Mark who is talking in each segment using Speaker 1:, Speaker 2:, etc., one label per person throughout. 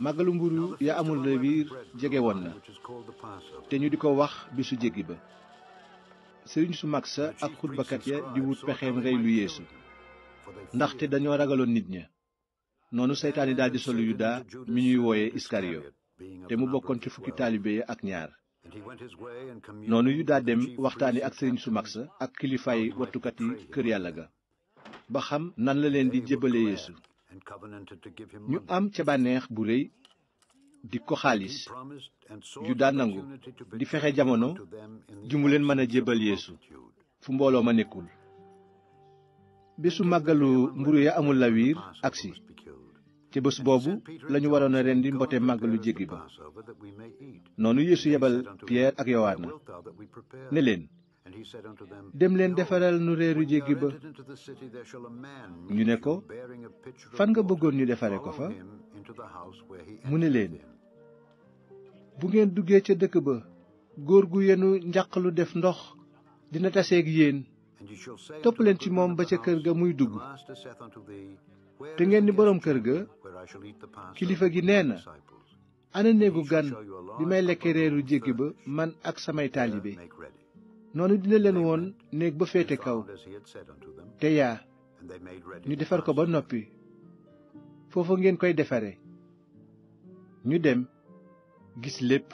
Speaker 1: màggalu mburu ya amul rewiir jege woon na te ñu di ko wax bisu jéggi ba sëriñ su mag sa ak xutbakat ya di wut pexeem rey lu yeesu ndaxte dañoo ragaloon nit ña noonu seytaan yi daldi solu yuda mi ñuy wooye iskariyo te mu bokkoon ci fukki taalibe ya ak ñaar noonu yuda dem waxtaani ak sëriñ su mag sa ak kilifaay wattukat yi kër yàlla ga ba xam nan la leen di jébbale yeesu ñu am ca bànneex bu rëy di ko xaalis ju daan nangu di fexe jamono ju leen mën a jébbal yéesu fu mbooloo ma nekkul bésu màggalu mburu ya amul lawiir agsi ci bés boobu lañu waroon a rendi mbote màggalu jéggi ba noonu yeesu yebal piyeer ak yowaana
Speaker 2: ne leen dem leen defaral nu réeru jéggi ba
Speaker 1: ñu ne ko fan nga bëggoon ñu defare ko fa mu ne leen bu ngeen duggee ca dëkk ba góor gu yenu njaq lu def ndox dina taseeg yéen topp leen ci moom ba ca kër ga muy dugg te ngeen ni boroom kër ga kilifa gi nee na ana néegu gan bi may lekke reeru jéggi ba man ak samay taalibe noonu dina leen woon néeg ba féete kaw te yaa ñu defar ko ba noppi foofa ngeen koy defare ñu dem gis lépp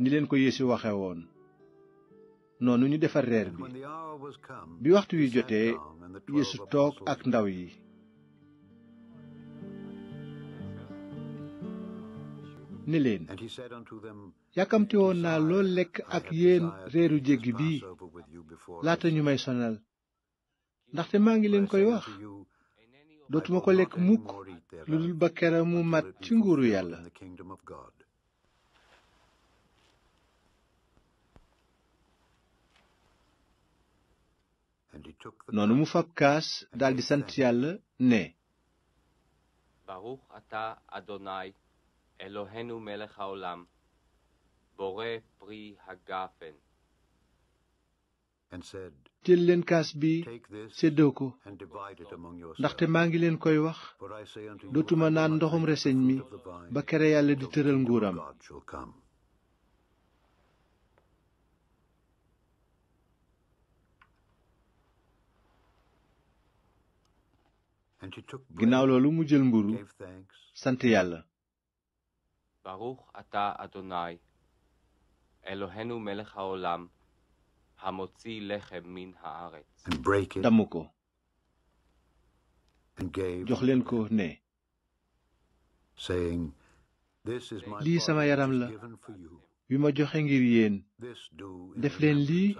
Speaker 1: ni leen ko Yeesu waxe woon noonu ñu defar reer bi bi waxtu wi jotee Yeesu toog ak ndaw yi ne leen yàkkamti woon naa lool lekk ak yéen reeru jéggi bii laata ñu may sonal ndaxte maa ngi leen koy wax dootuma ko lekk mukk lu dul ba mu mat noonu mu fab kaas daldi sant yàlla ne baruch jël leen kaas bi séddoo ko
Speaker 2: ndaxte maa ngi leen koy wax
Speaker 1: dootuma naan ndoxum reseñ mi ba kere yàlla di tëral nguuram ginnaaw loolu mu jël mburu sant yàlla ברוך אתה, אדוני, אלוהינו מלך העולם, המוציא לחם מן הארץ. damm ko jox leen ko ne
Speaker 2: lii sama yaram la
Speaker 1: wi ma joxe ngir yéen def leen lii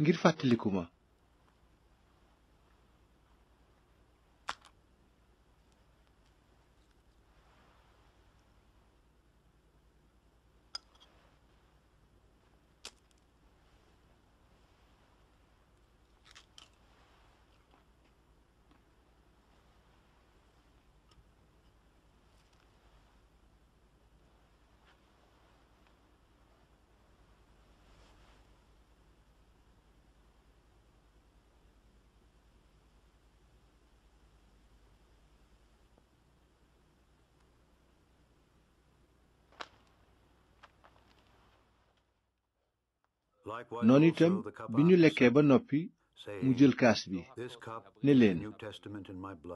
Speaker 1: ngir fàttaliku ma
Speaker 2: noonu itam bi ñu lekkee ba
Speaker 1: noppi mu jël kaas bi ne leen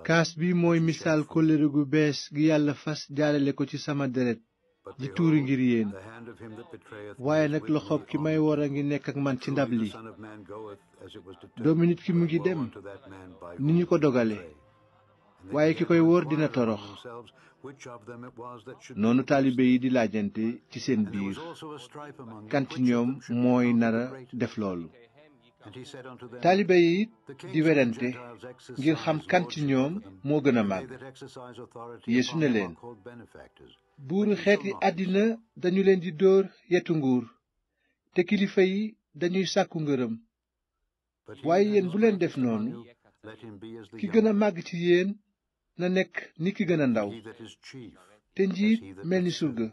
Speaker 1: kaas bi mooy misaal kóllëre gu bees gi yàlla fas jaalale ko ci sama deret ji tuuri ngir yéen waaye nag loxoob ki may wor a ngi nekk ak man ci ndab li
Speaker 2: doomi nit ki mu ngi dem ni ñu ko dogale
Speaker 1: waaye ki koy wóor dina torox noonu taalibe yi di laajante ci seen biir kan ci ñoom mooy a def loolu
Speaker 2: taalibe yi di werante ngir xam
Speaker 1: kan ci ñoom moo gën a màgg yeesu ne leen buuru xeeti àddina dañu leen di dóor yetu nguur te kilifa yi dañuy sàkku ngërëm waaye yéen bu leen def noonu ki gën a màgg ci yéen na nekk ni ki gën a ndaw te njiit mel ni surga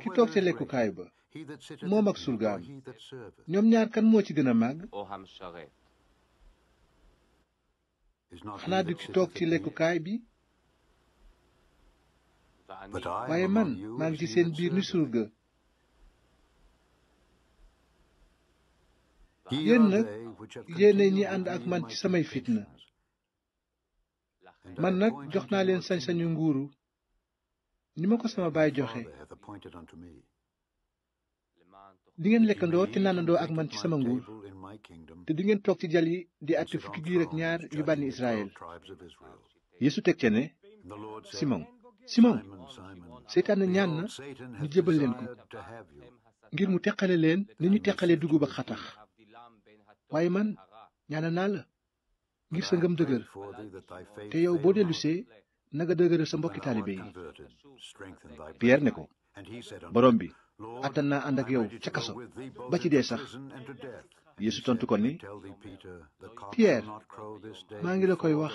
Speaker 1: ki toog ca lekkukaay ba moom ak surgaam ñoom ñaar kan moo ci gën a màgg
Speaker 2: xanaa du ki toog ci
Speaker 1: lekkukaay bi waaye man maa ngi ci seen biir ni surga yéen nag yéene man ci samay fitna man nag jox naa leen sañ-sañu nguuru ni ma ko sama baay joxe di ngeen lekkandoo te naanandoo ak man ci sama nguur te di ngeen toog ci jal yi di àtte fukki giir ak ñaar yu bànni Israël Yeesu teg ca ne Simon Simon seytaane ñaan na ñu jébal leen ko ngir mu teqale leen ni ñu teqalee dugub ak xatax waaye man ñaana naa la ngir sa ngëm dëgër te yow boo dellusee nanga dëgëral sa mbokki taalibe yi
Speaker 2: Pierre ne ko borom bi
Speaker 1: àttan naa ànd ak yow ca kaso ba ci dee sax Yeesu tontu ko ni
Speaker 2: Pierre maa ngi la koy wax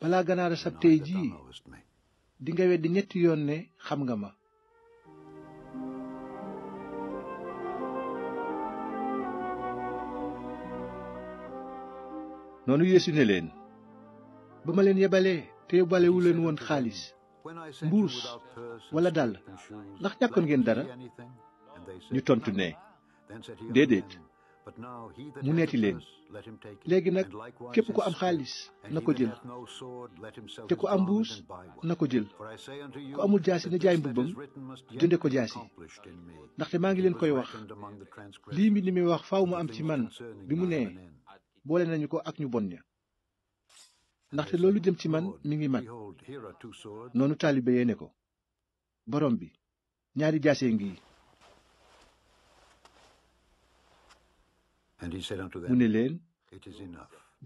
Speaker 2: balaa
Speaker 1: ganaara sab tey jii dinga weddi ñetti yoon ne xam nga ma noonu yeesu ne leen ba ma leen yebalee te yebalewu leen woon xaalis mbuus walla dàll ndax ñàkkoon ngeen dara
Speaker 2: ñu tontu ne déedéet mu neeti leen léegi nag képp ku am xaalis na ko jël te ku am mbuus na ko jël ku amul jaasi na jaay mbubbam jënde ko jaasi ndaxte maa ngi leen koy wax
Speaker 1: lii mi ni muy wax faw mu am ci man bi mu nee boole nañu ko ak ñu bon ña ndaxte loolu jëm ci man mi ngi mat noonu taalibe yee ne ko borom bi ñaari jaase ngi mu ne leen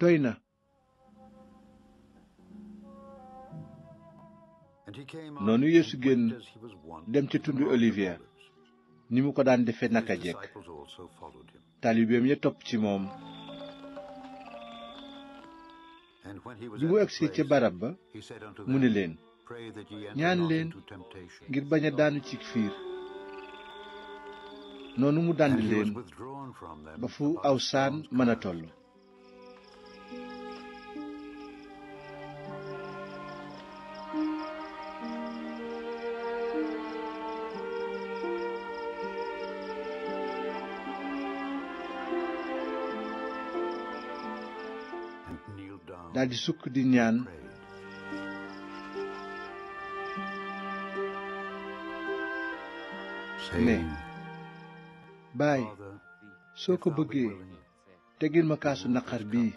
Speaker 1: doy na noonu yeesu génn dem ca tundu olivier ni mu ko daan defe naka jekk taalibeem ya topp ci moom
Speaker 2: bi mu agsee ca barab ba mu ne leen ñaan leen ngir bañ a daanu ci
Speaker 1: fiir noonu mu dànd leen ba fu aw saan mën a toll daldi sukk di ñaan ne baay soo ko bëggee teggil ma kaasu naqar bii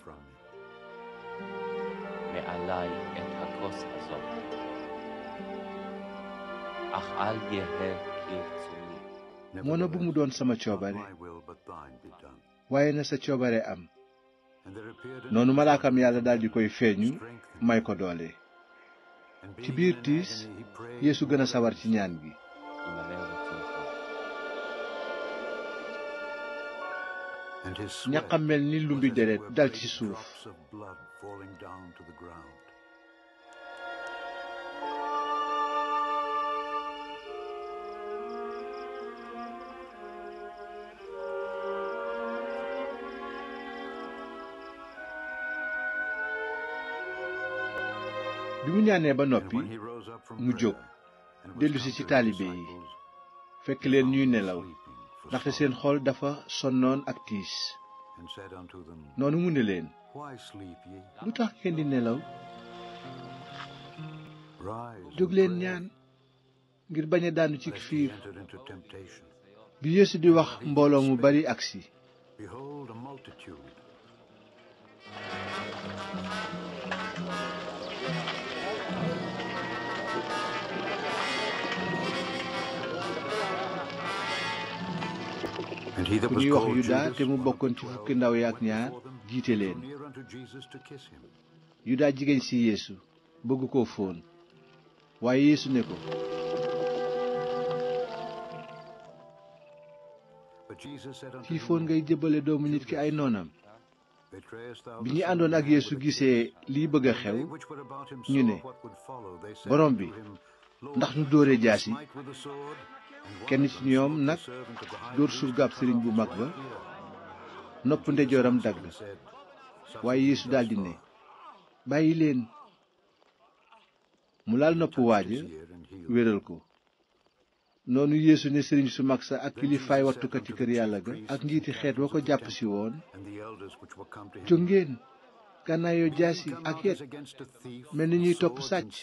Speaker 1: moo na bu mu doon sama coobare waaye na sa coobare am noonu malaakam yàlla daldi koy feeñu may ko doole ci biir tiis yeesu gën a sawar ci ñaan gi ñaqam mel ni lumbi deret dal ci suuf bi mu ñaanee ba noppi mu jóg dellusi ci taalibe yi fekk leen ñuy nelaw ndaxte seen xool dafa sonnoon ak tiis
Speaker 2: noonu mu ne leen
Speaker 1: lu tax ngeen di nelaw jóg leen ñaan ngir bañ a daanu ci fiir bi Yeesu di wax mbooloo mu bari agsi
Speaker 2: ku ñuy wax yuda te
Speaker 1: mu bokkoon ci fukki ndaw ya ak ñaar jiite leen yuda jigéen si yeesu bëgg koo fóon waaye yeesu ne ko ci fóon ngay jëbale doomu nit ki ay noonam
Speaker 2: bi ñuy àndoon ak yeesu gisee liy bëgg a xew ñu ne borom bi
Speaker 1: ndax ñu dóore jaasi kenn ci ñoom nag dóor surgaab sëriñ bu mag ba nopp ndejooram dagg waaye yeesu daldi ne bàyyi leen mu laal nopp waaja wéral ko noonu yeesu ne sëriñ su mag sa ak kilifaay wattukati kër yàlla ga ak njiiti xeet wa ko jàpp si woon jóg ngeen gànnaayoo jaasi ak yet mel ni ñuy topp sàcc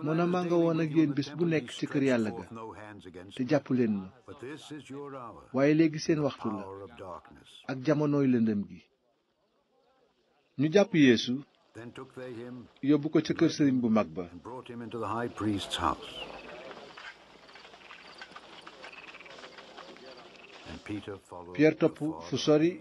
Speaker 1: noona maa nga woon ak yéen bés bu nekk ci kër yàlla ga te jàpp leen ma waaye léegi seen waxtu la ak jamonooy lëndëm gi ñu jàpp yeesu yóbbu ko ca kër sëriñ bu mag ba
Speaker 2: Pierre topp fu
Speaker 1: sori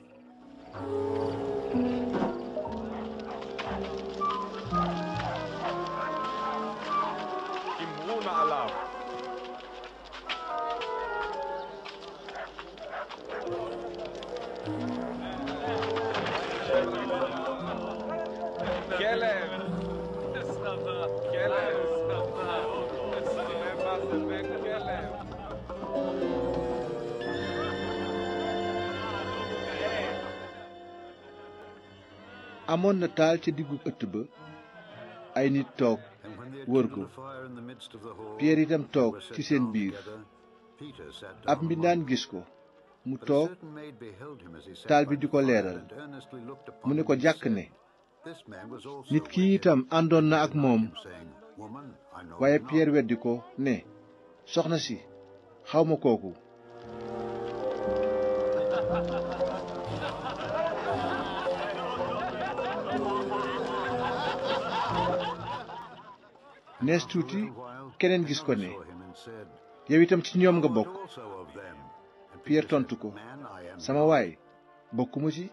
Speaker 1: amoon na taal ca diggu ëtt ba ay nit toog wër ko
Speaker 2: piyeer itam toog ci seen biir ab
Speaker 1: mbindaan gis ko mu toog taal bi di ko leeral mu ne ko jàkk ne nit ki itam àndoon na ak moom waaye piyeer weddi ko ne soxna si xawma kooku nees tuuti keneen gis ko ne yow itam ci ñoom nga bokk Pierre tontu ko sama waay bokkuma ci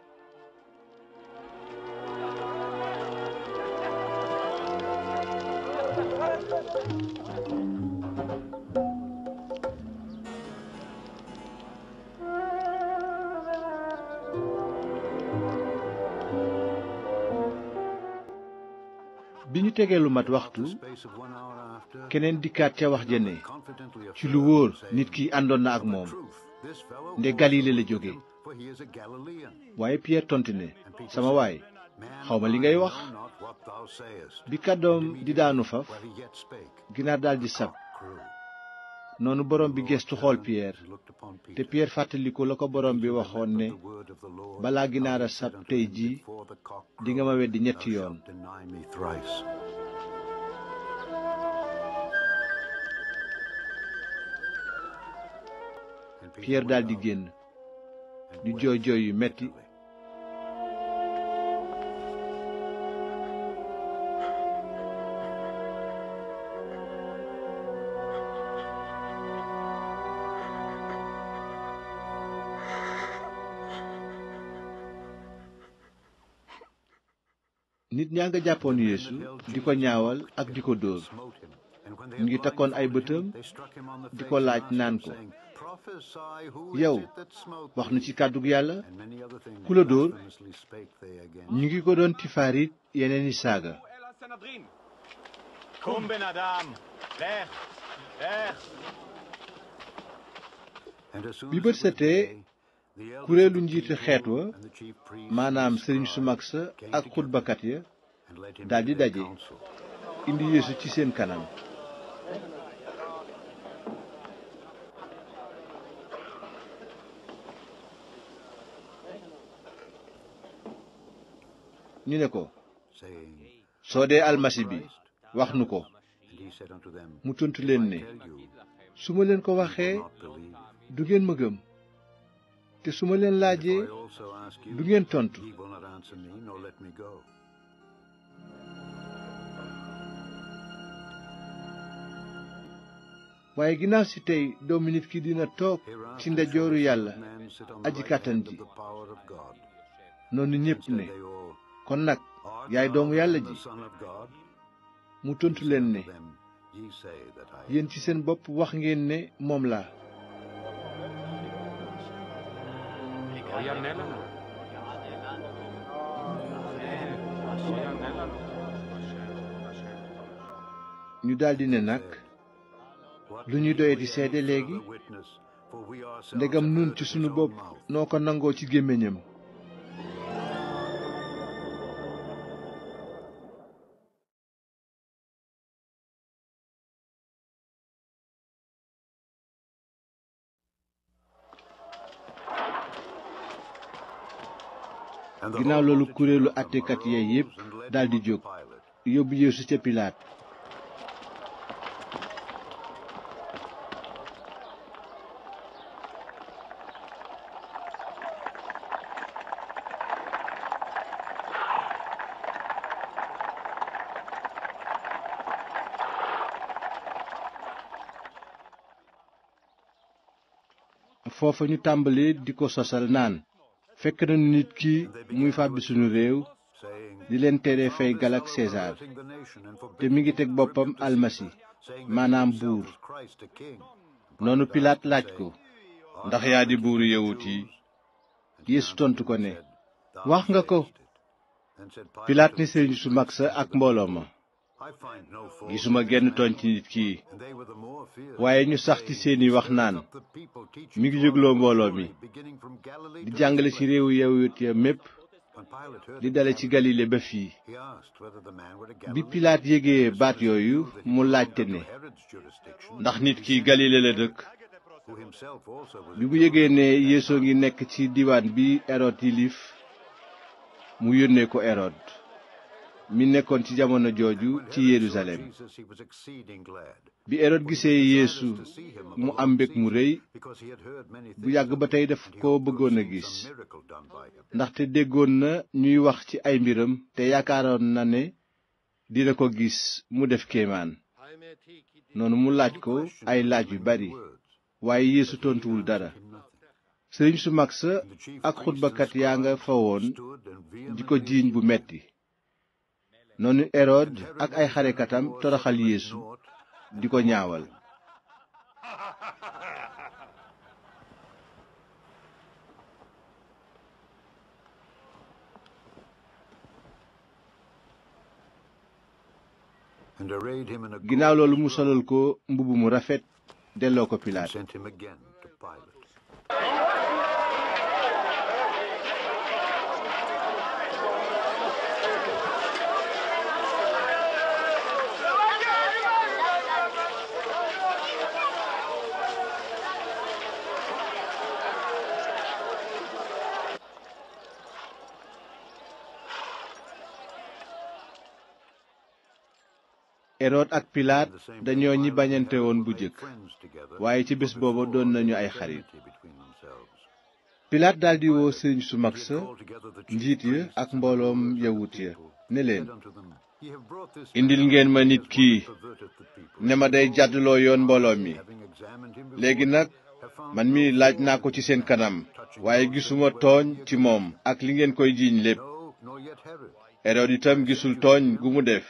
Speaker 1: tegee lu mat waxtu keneen dikkaat ca wax ja ne ci lu wóor nit ki àndoon na ak moom
Speaker 2: nde galile la jóge
Speaker 1: waaye Pierre tontu ne sama waay xawma li ngay wax bi kàddoom di daanu faf ginaar daldi sab noonu borom bi gestu xool piyeer te piyeer fàttaliku la ko borom bi waxoon ne balaa ginaar a sab tey jii dinga ma weddi ñetti yoon piyeer daldi génn di jooy jooy yu metti nit ñaa nga jàppoon yeesu di ko ñaawal ak di ko dóor ñu ngi takkoon ay bëtam di ko laaj naan ko
Speaker 2: yow wax nu ci kàddug yàlla ku la dóor ñu ngi ko doon
Speaker 1: tifaarit yeneen i saaga bi bët setee kuréelu njiiti xeet wa maanaam sëriñ su mag sa ak xutbakat ya daldi daje indi yeesu ci seen kanam ñu ne ko soo dee almasi bi wax nu ko mu tontu leen ne su ma leen ko waxee du ngeen ma te su ma leen laajee du ngeen tontu waaye ginnaaw si tey doomu nit ki dina toog ci ndajooru yàlla
Speaker 2: aji kàttan ji
Speaker 1: noonu ñépp ne kon nag yaay doomu yàlla ji mu tontu leen ne yéen ci seen bopp wax ngeen ne moom la Όλοι ñu daldi ne nag lu ñu doye di seede léegi ndegam nun ci sunu bopp noo ko nangoo ci gémmiñam ginnaaw loolu kuréelu àttekat yee yépp daldi jóg yóbbu Yeesu ca Pilaat foofa ñu tàmbali di ko sosal naan fekk nañu nit ki muy fàbbi suñu réew di leen tere fay galak César te mi ngi teg boppam almasi
Speaker 2: maanaam buur
Speaker 1: noonu Pilaat laaj ko ndax yaa di buuru yawut yi Yeesu tontu ko ne wax nga ko Pilaat ni sëriñ su mag sa ak mbooloo ma gisuma genn tooñ ci nit kii waaye ñu sax ci seeni wax naan mi ngi jógloo mbooloo mi di jàngale ci réewu yawut ya mépp li dale ci galile ba fii
Speaker 2: bi pilaat yégee baat yooyu mu laajte ne ndax nit kii galile la
Speaker 1: dëkk bi mu yégee ne yéesu ngi nekk ci diwaan bi erod yilif mu yónnee ko erod mi nekkoon ci jamono jooju ci Yerusalem
Speaker 2: bi Hérod gisee Yeesu mu am mbég mu rëy
Speaker 1: bu yàgg ba tey daf ko bëggoon a gis ndaxte déggoon na ñuy wax ci ay mbiram te yaakaaroon na ne dina ko gis mu def kéemaan noonu mu laaj ko ay laaj yu bari waaye Yeesu tontuwul dara sëriñ su mag sa ak xutbakat yaa nga fa woon di ko jiiñ bu metti noonu erod ak ay xarekatam toroxal yeesu di ko ñaawal ginnaaw loolu mu solal ko mbubb mu rafet delloo ko pilaat erod ak pilaat dañoo ñi bañante woon bu jëkk waaye ci bés booba doon nañu ay xarit pilaat daldi woo sëriñ su mag sa njiit ya ak mbooloom yawut ya ne leen indil ngeen ma nit kii ne ma day jàdduloo yoon mbooloo mi léegi nag man mi laaj naa ko ci seen kanam waaye gisuma tooñ ci moom ak li ngeen koy jiiñ lépp erod itam gisul tooñ gu mu def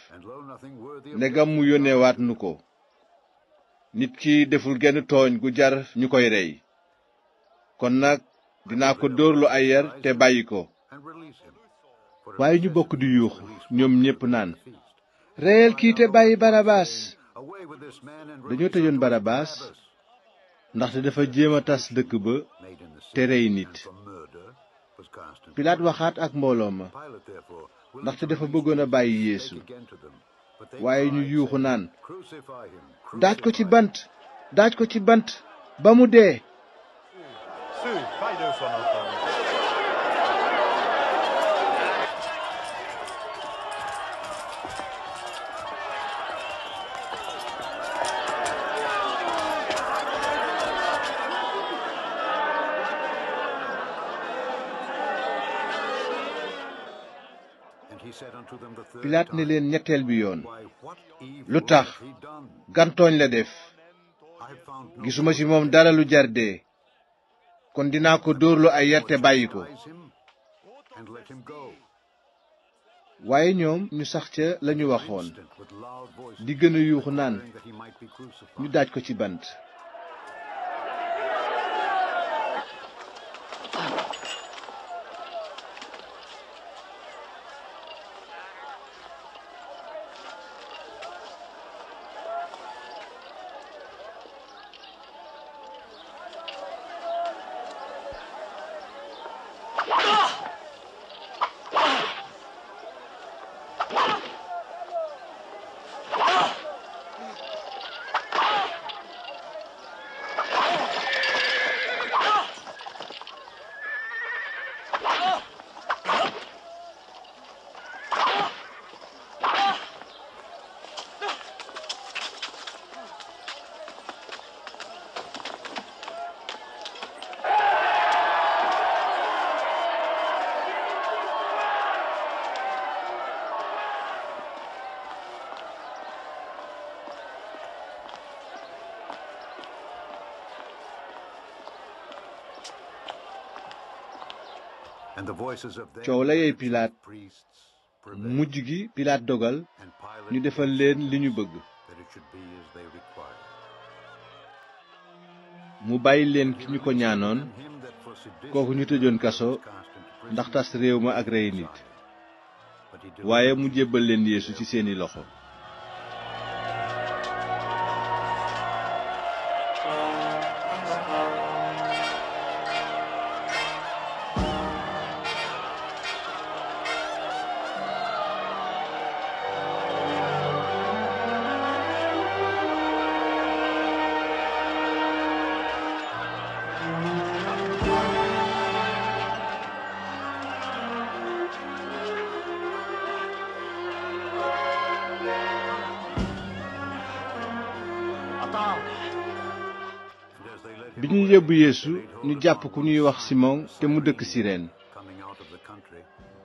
Speaker 1: ndegam mu waat nu ko nit ki deful genn tooñ gu jar ñu koy rey kon nag dinaa ko dóor lu ay yar te bàyyi ko waaye ñu bokk di yuuxu ñoom ñépp naan reyal kii te bàyyi barabaas dañoo tëjoon ndax te dafa jéem a tas dëkk ba
Speaker 2: te rey nit
Speaker 1: pilaat waxaat ak mbooloo ma ndaxte dafa bëggoon a bàyyi yeesu waaye ñu yuuxu naan daaj ko ci bant daaj ko ci bant ba mu dee
Speaker 2: pilaat ne leen ñetteel bi yoon lu tax
Speaker 1: gantooñ la def gisuma ci moom dara lu jar dee kon dinaa ko dóorlu ay yar te bàyyi ko waaye ñoom ñu sax ca lañu waxoon di gën a yuuxu naan ñu daaj ko ci bant
Speaker 2: coow la yey pilaat
Speaker 1: mujj gi pilaat dogal ñu leen li ñu bëgg mu bàyyi leen ki ñu ko ñaanoon kooku ñu tëjoon kaso ndax tas réew ma ak rey nit waaye mu jébbal leen yeesu ci seeni loxo ñu jàpp ku ñuy wax Simon te mu dëkk Sireen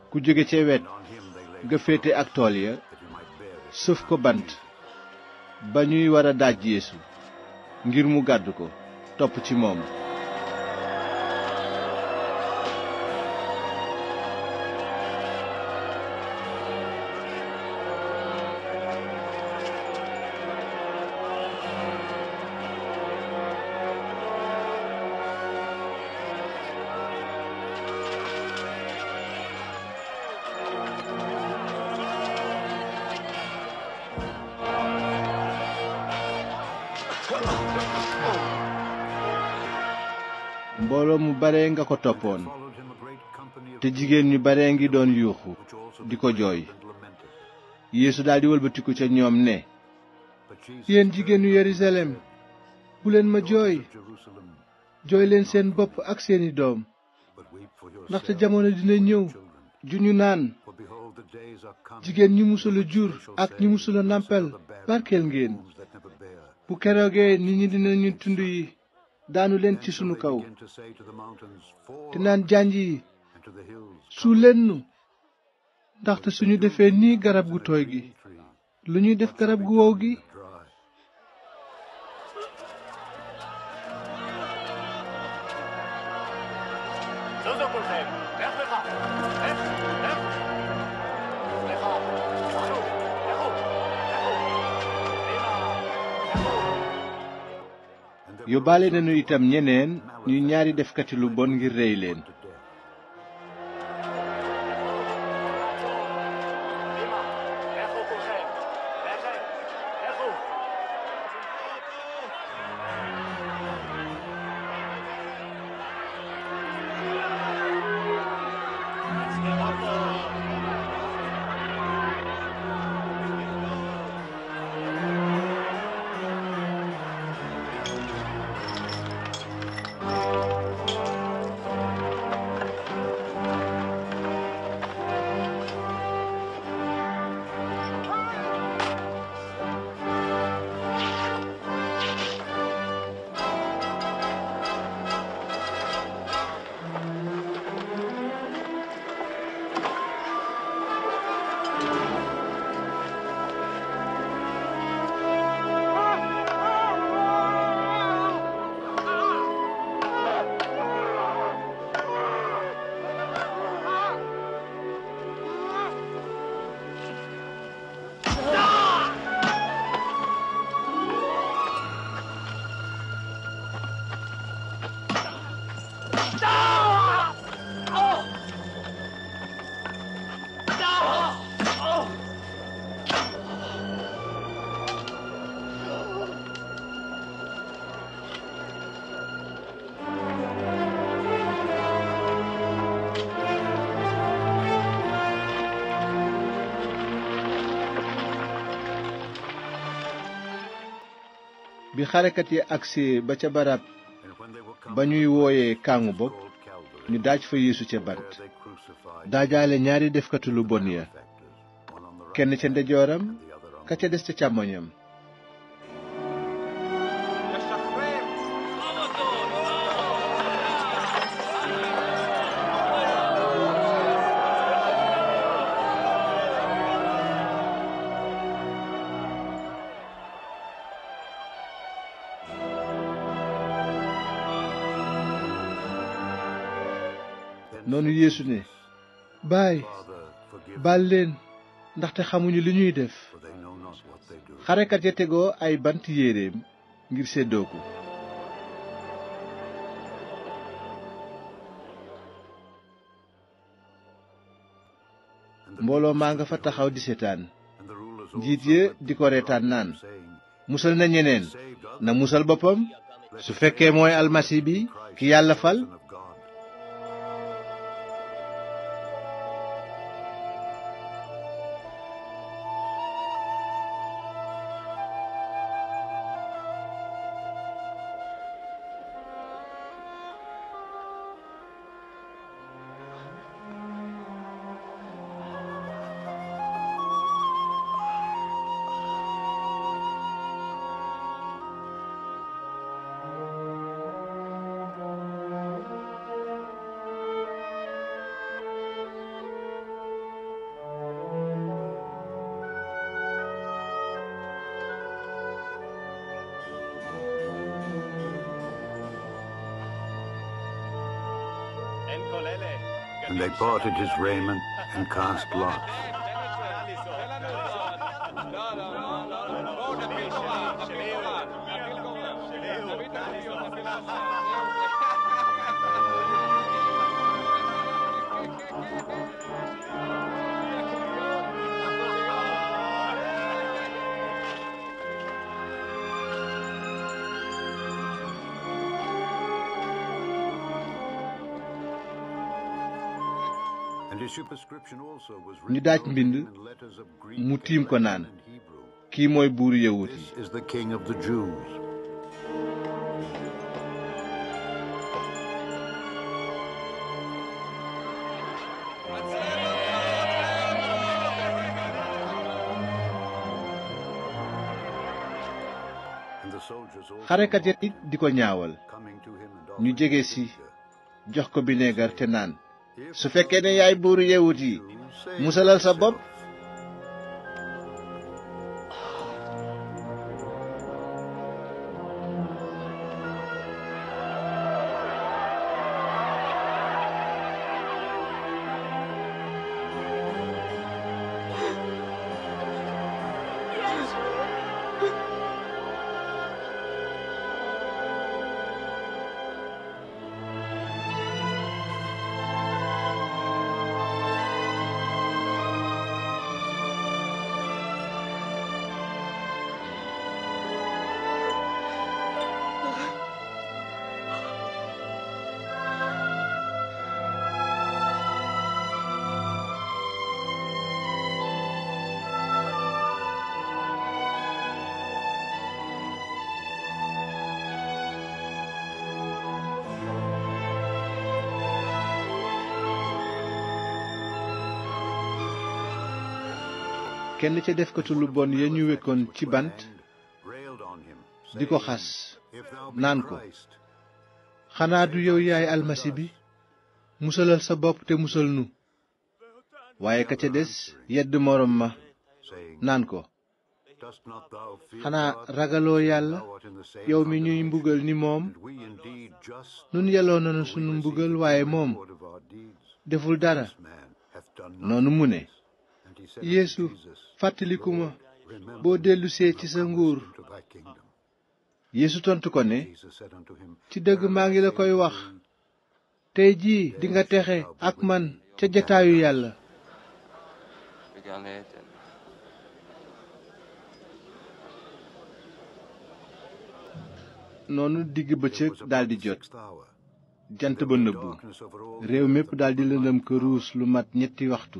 Speaker 1: ku jóge ca wet ga féete ak tool ya sëf ko bant ba ñuy war a daaj Yeesu ngir mu gàddu ko topp ci moom ka ko jigéen ñu bare ngi doon yuuxu di ko jooy yéesu daldi wëlbatiku ca ñoom ne yéen jigéenu yerusalem bu leen ma jooy jooy leen seen bopp ak seeni doom ndaxte jamono dina ñëw ju ñu naan jigéen ñi musula jur ak ñi musula nàmpal barkeel ngeen bu keroogee nit ñi dinañu tund yi daanu leen ci sunu kaw te naan janj yi su leen nu ndaxte suñu defee nii garab gu tooy gi lu ñuy def garab gu wow gi yóbbaale nañu itam ñeneen ñu ñaari defkati lu bon ngir rey leen bi xarekat yi agsi ba ca barab ba ñuy wooyee kàngu bopp ñu daaj fa yeesu ca bant daajaale ñaari defkatu bon ya kenn ca ndeyjooram ka ca des ca càmmoñam noonu yéesu ne baay baal leen ndaxte xamuñu li ñuy def xarekat ya tegoo ay bant yéeréem ngir séddoo ko mbooloo maa nga fa taxaw di setaan njiit ya di ko reetaan naan musal na ñeneen na musal boppam su fekkee mooy almasi bi ki yàlla fal
Speaker 2: and they parted his raiment and cast lots.
Speaker 1: ñu daaj mbind mu tiim ko naan kii mooy buuru yawut yi xarekat ya it di ko ñaawal ñu jege si jox ko bineegar te naan su fekkee ne yaay buuru yewut yi musalal sa bopp kenn ca defkatu lu bon ya ñu wekkoon ci bant di ko xas naan ko xanaa du yow yaay almasi bi musalal sa bopp te musal nu waaye ka ca des yedd moroom ma naan ko
Speaker 2: xanaa ragaloo yàlla yow mi ñuy mbugal ni moom nun yelloo
Speaker 1: nanu sunu mbugal waaye moom deful dara noonu mu ne yeesu fàttaliku ma boo ci sa nguur yeesu tontu ko ne ci dëgg maa ngi la koy wax tey jii dinga texe ak man ca jataayu yàlla noonu digg bëccëg daldi jot jant ba nëbbu réew mépp daldi lëndëm këruus lu mat ñetti waxtu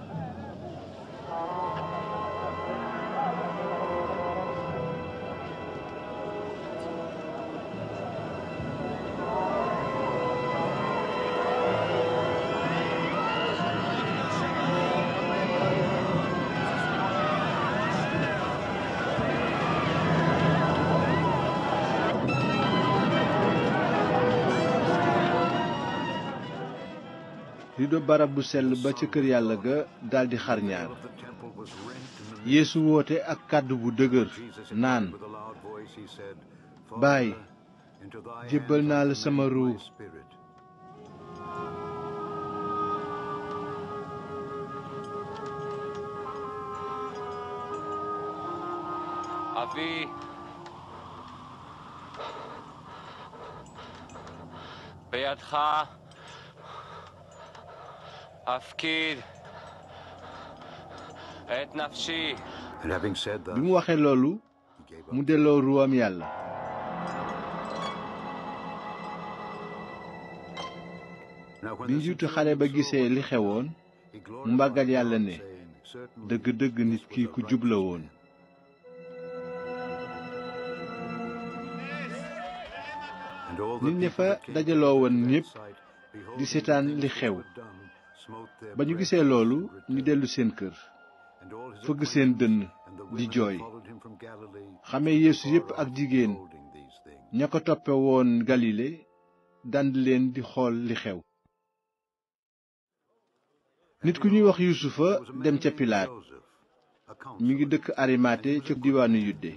Speaker 1: juddo bu sell ba ca kër yàlla ga daldi xar woote ak kàddu bu dëgër naan baay jébbal naa la sama ruu
Speaker 2: bi
Speaker 1: mu waxee loolu mu delloo ruwaam yàlla bi njiitu xale ba gisee li xewoon mu màggal yàlla ne dëgg-dëgg nit ki ku jub
Speaker 2: woon ba ñu gisee
Speaker 1: loolu ñu dellu seen kër fëgg seen dënn di jooy xamee yeesu yépp ak jigéen ña ko toppe woon galile dand leen di xool li xew nit ku ñuy wax yuusufa dem ca pilaat mi ngi dëkk arimaate ca diwaanu yudde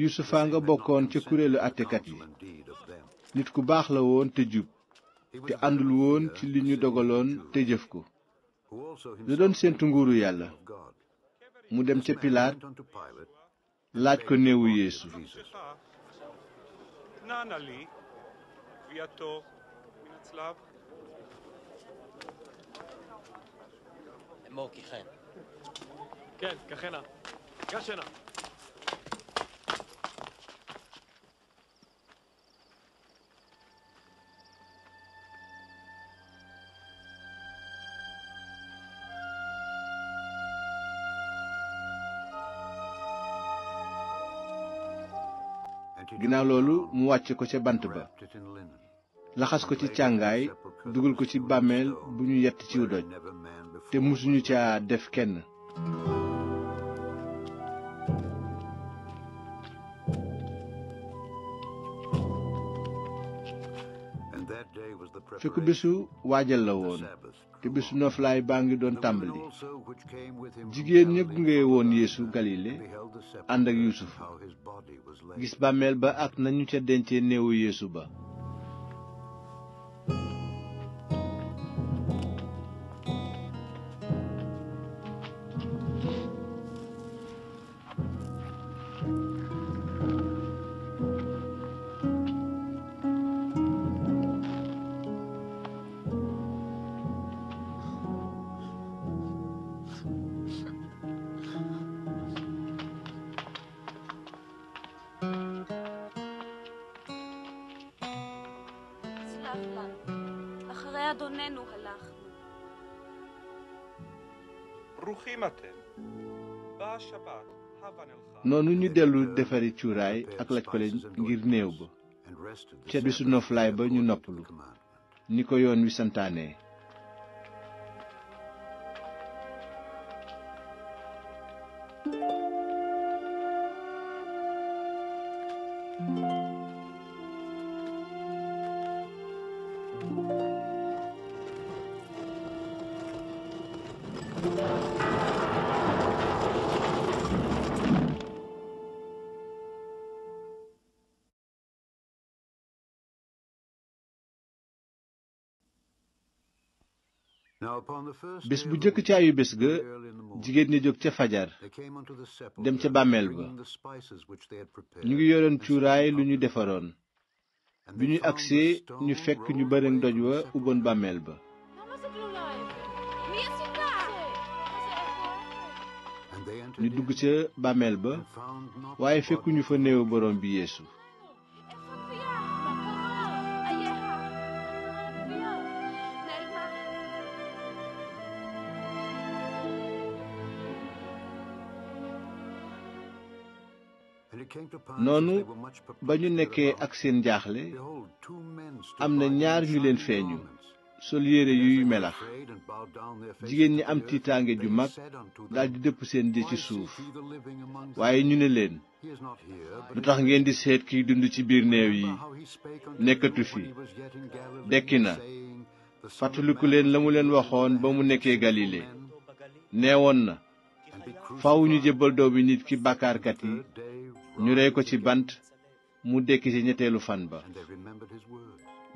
Speaker 1: yuusufa nga bokkoon ca kuréelu àttekat yi nit ku baax la woon te jub te àndul woon ci li ñu dogaloon te jëf ko da doon séentu nguuru yàlla mu dem ca pilaat laaj ko néewu yeesu ginnaaw loolu mu wàcce ko ca bant ba laxas ko ci càngaay dugal ko ci bàmmeel bu ñu yett ci doj te musuñu ca def kenn fekku bésu waajal la woon te bésu noflaay baa ngi doon tàmbali jigéen ñépp ngay woon yeesu galile ànd ak yuusuf gis bàmmeel ba ak nañu ca dencee néewu yeesu ba אדוננו הלכנו. ברוכים אתם. noonu ñu dellu defari cuuraay ak laj pale ngir néew ba. ca bisu noflaay ba ñu noppalu. ni ko yoon wi santaane. bés bu jëkk ci ayu bés ga jigéen ñi jóg ca fajar
Speaker 2: dem ca bàmmeel ba
Speaker 1: ñu ngi yoroon cuuraay lu ñu defaroon bi ñu agsee ñu fekk ñu bëreeg doj wa ubboon bàmmeel ba ñu dugg ca bàmmeel ba waaye fekkuñu fa newu borom bi yéesu
Speaker 2: noonu ba
Speaker 1: ñu nekkee ak seen jaaxle am na ñaar ñu leen feeñu sol yére yuy melax
Speaker 2: jigéen ñi am tiitaange ju mag daldi dëpp seen jë ci suuf
Speaker 1: waaye ñu ne leen lu tax ngeen di seet kiy dund ci biir neew yi nekkatu fi dekki na fàttaliku leen la mu leen waxoon ba mu nekkee galile neewoon na faaw ñu jébbal doomi nit ki bàkkaarkat yi ñu rey ko ci bant mu dekki ci ñetteelu fan ba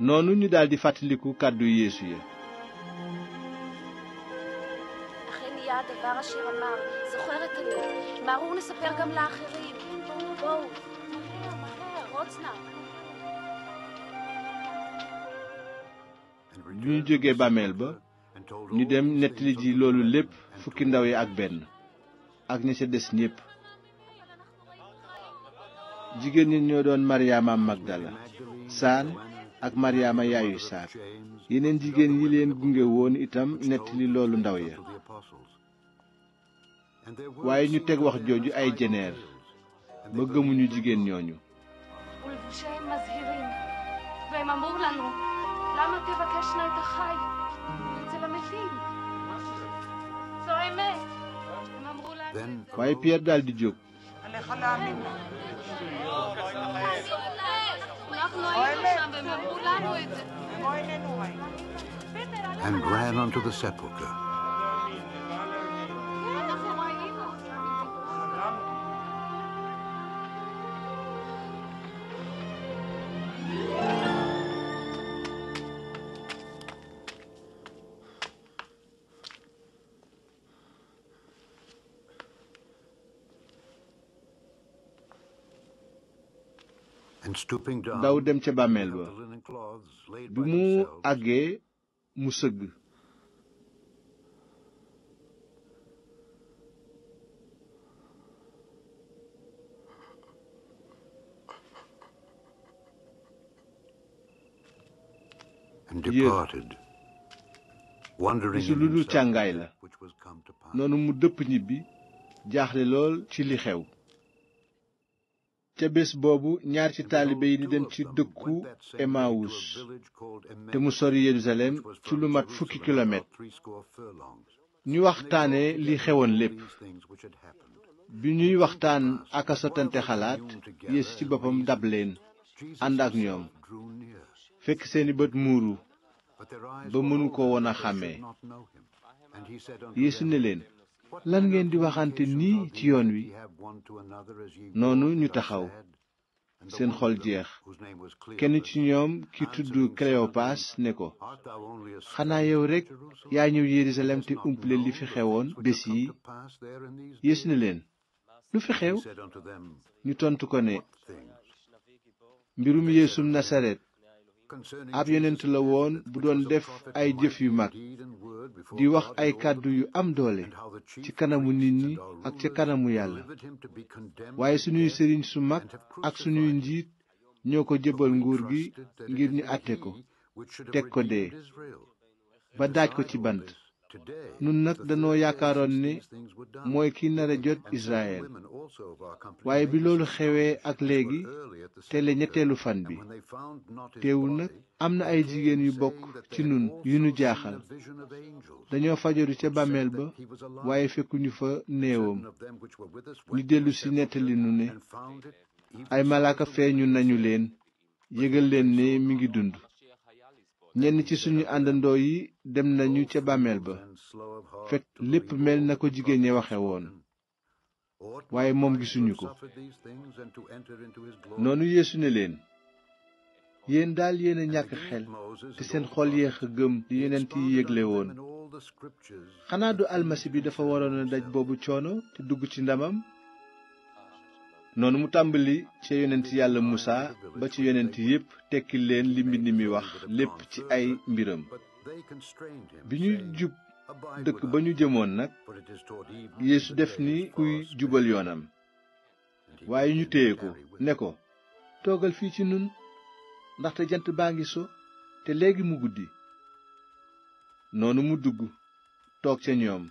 Speaker 1: noonu ñu daldi fàttaliku kàddu yeesu ya bi ñu jógee bàmmeel ba ñu dem nettali ji loolu lépp fukki ndaw yi ak benn ak ña ca des ñépp jigéen ñi ñoo doon maryaama magdala saan ak maryaama yaayu saak yeneen jigéen yi leen gunge woon itam nettali loolu ndaw ya waaye ñu teg wax jooju ay jeneer ba gëmuñu jigéen ñooñu waaye Pierre daldi jóg اللي خلقها منا and ran
Speaker 2: onto the sepulchre.
Speaker 1: daw dem ca bàmmeel bi mu àggee mu sëgg lu càngaay la noonu mu dëpp ñibbi jaaxle lool ci li xew ca bés boobu ñaar ci taalibe yi di dem ci dëkku emawus te mu sori yerusalem ci lu mat fukki kilomètre ñu waxtaane li xewoon lépp bi ñuy waxtaan ak a sottante xalaat yéesu ci boppam dab leen ànd ak ñoom fekk seeni bët muuru ba mënu ko woon a xàmmee yéesu ne leen lan ngeen di waxante nii ci yoon wi
Speaker 2: noonu ñu taxaw
Speaker 1: seen xool jeex kenn ci ñoom ki tudd Kleopas ne ko
Speaker 2: xanaa yow rekk
Speaker 1: yaa ñëw Yerusalem te umple li fi xewoon bés yi Yeesu ne leen lu fi xew ñu tontu ko ne mbirum Yeesum Nasaret ab yonent la woon bu doon def ay jëf yu mag di wax ay kàddu yu am doole ci kanamu nit ñi ak ca kanamu yàlla waaye suñuy sëriñ su mag ak suñuy njiit ñoo ko jëbal nguur gi ngir ñu àtte ko teg ko dee ba daaj ko ci bant nun nag danoo yaakaaroon ni mooy ki nar a jot Israël
Speaker 2: waaye bi loolu xewee ak léegi tele ñetteelu fan bi
Speaker 1: teewul nag am na ay jigéen yu bokk ci nun yu nu jaaxal dañoo fajaru ca bàmmeel ba waaye fekkuñu fa néewam ñu dellu si nettali nu ne ay malaaka feeñu nañu leen yëgal ne mi ngi dund ñenn ci suñu àndandoo yi dem nañu ca bàmmeel ba fekk lépp mel na ko jigéen ñi waxe woon waaye moom gisuñu ko noonu yeesu ne leen yéen daal yéen a ñàkk xel te seen xol yeex a gëm li yonent yi yégle woon xanaa du almasi bi dafa waroon a daj boobu coono te dugg ci ndamam noonu mu tàmbali ca yonent yàlla musa ba ci yonent yépp tekki leen li mbind mi wax lépp ci ay mbiram bi ñuy jub dëkk ba ñu jëmoon nag yeesu def ni kuy jubal yoonam waaye ñu téye ko ne ko toogal fii ci nun ndaxte jant baa ngi so te léegi mu guddi noonu mu dugg toog ca ñoom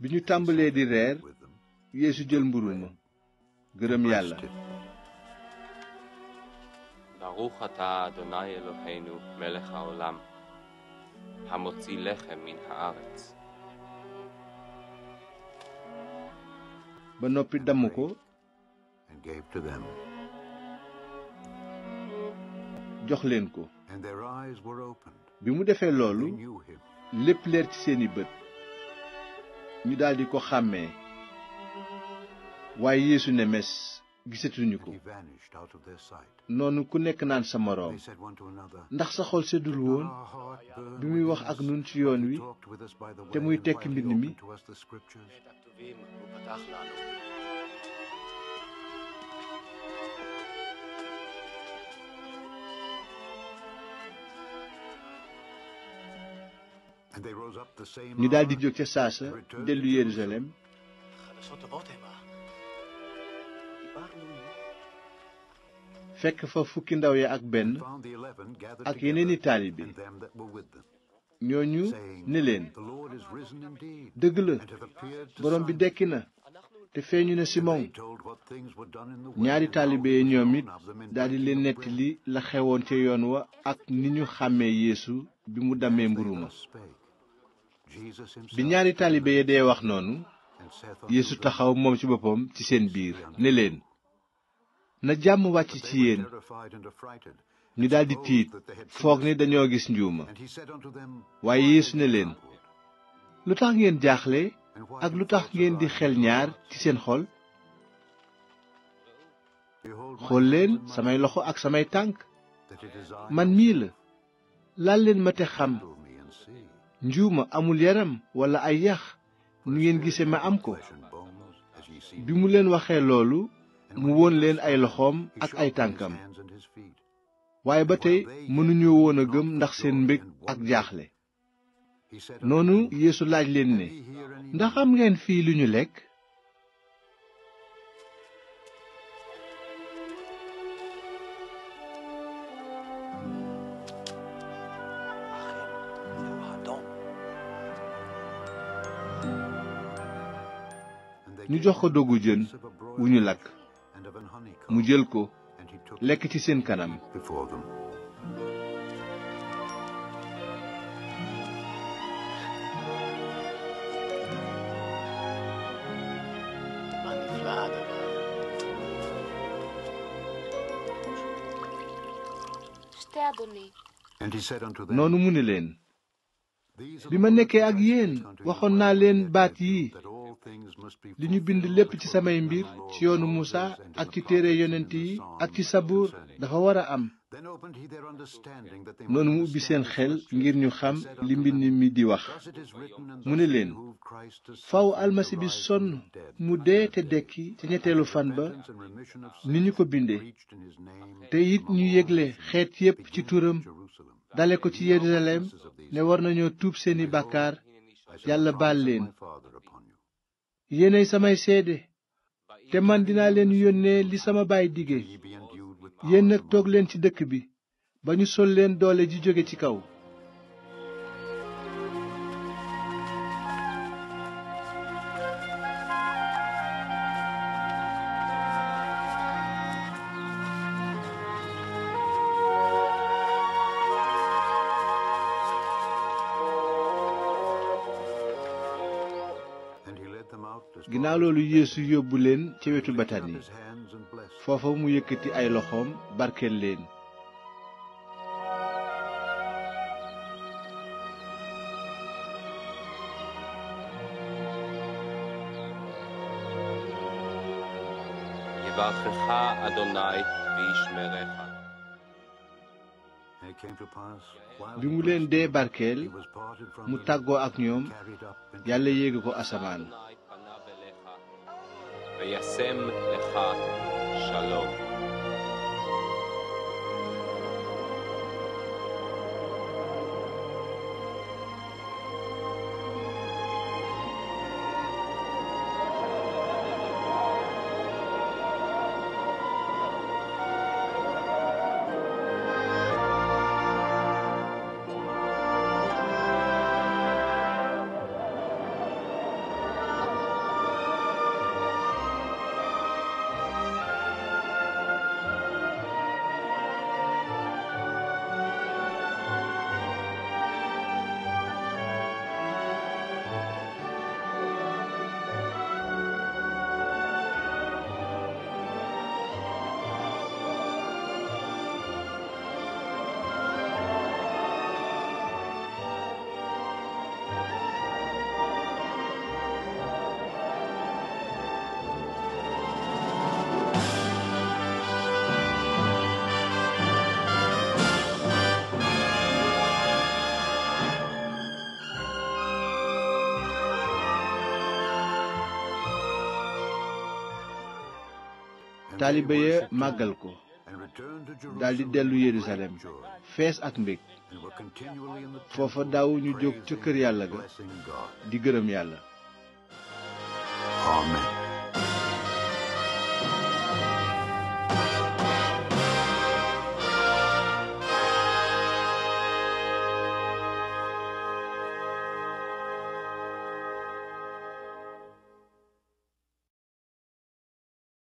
Speaker 1: bi ñu tàmbalee di reer yeesu jël mburu ma gërëm yàlla ברוך אתה אדוני אלוהינו מלך העולם המוציא לחם מן הארץ ba noppi damm ko jox leen ko bi mu defee loolu lépp leer ci seeni bët ñu daldi ko xàmmee waaye yeesu ne mes gisatuñu ko noonu ku nekk naan sa moroom ndax sa xol seddul woon bi muy wax ak nun ci yoon wi te muy tekki mbind mi
Speaker 2: ñu daal di jóg ca saasa
Speaker 1: fekk fa fukki ndaw yi ak benn ak yeneeni taalibe ñooñu ne leen dëgg la borom bi dekki na te feeñu na Simon
Speaker 2: ñaari taalibe yi ñoom it daldi
Speaker 1: leen netti li la xewoon ca yoon wa ak ni ñu xàmmee Yeesu bi mu dammee mburu ma bi ñaari taalibe ya dee wax noonu Yeesu taxaw moom ci boppam ci seen biir ne leen na jàmm wàcc ci yéen ñu daldi tiit foog ni dañoo gis njuuma waaye Yeesu ne leen lu tax ngeen jaaxle ak lu tax ngeen di xel ñaar ci seen xol xool leen samay loxo ak samay tànk man mii la laal leen ma te xam njuuma amul yaram walla ay yax nu ngeen gise ma am ko bi mu leen waxee loolu mu woon leen ay loxoom ak ay tànkam waaye ba tey mënuñu woon a gëm ndax seen mbég ak jaaxle noonu yéesu laaj leen ne ndax ngeen fii lu ñu lekk ñu jox ko doggu jën wu ñu lakk mu jël ko lekk ci seen kanam noonu mu ne leen bi ma nekkee ak yéen waxoon naa leen baat yi li ñu bind lépp ci samay mbir ci yoonu Musa ak ci téere yonent yi ak ci sabuur dafa war a am noonu mu ubbi seen xel ngir ñu xam li mbind mi di wax mu ne leen faw almasi bi sonn mu dee te dekki ca ñetteelu fan ba ni ñu ko bindee te it ñu yégle xeet yépp ci turam dale ko ci Yerusalem ne war nañoo tuub seeni bàkkaar yàlla baal leen yéenay samay seede te man dinaa leen yónnee li sama baay dige yéen nag toog leen ci dëkk bi ba ñu sol leen doole di jóge ci kaw loolu yeesu yóbbu ca wetu betani foofa mu yëkkati ay loxoom barkeel leen
Speaker 2: bi mu leen dee barkeel mu tàggoo ak ñoom
Speaker 1: yàlla yéegi ko asamaan וישם לך שלום. taalibe ya màggal ko daldi dellu yerusalem fees ak mbég foofa daawu ñu jóg ca kër yàlla ga di gërëm yàlla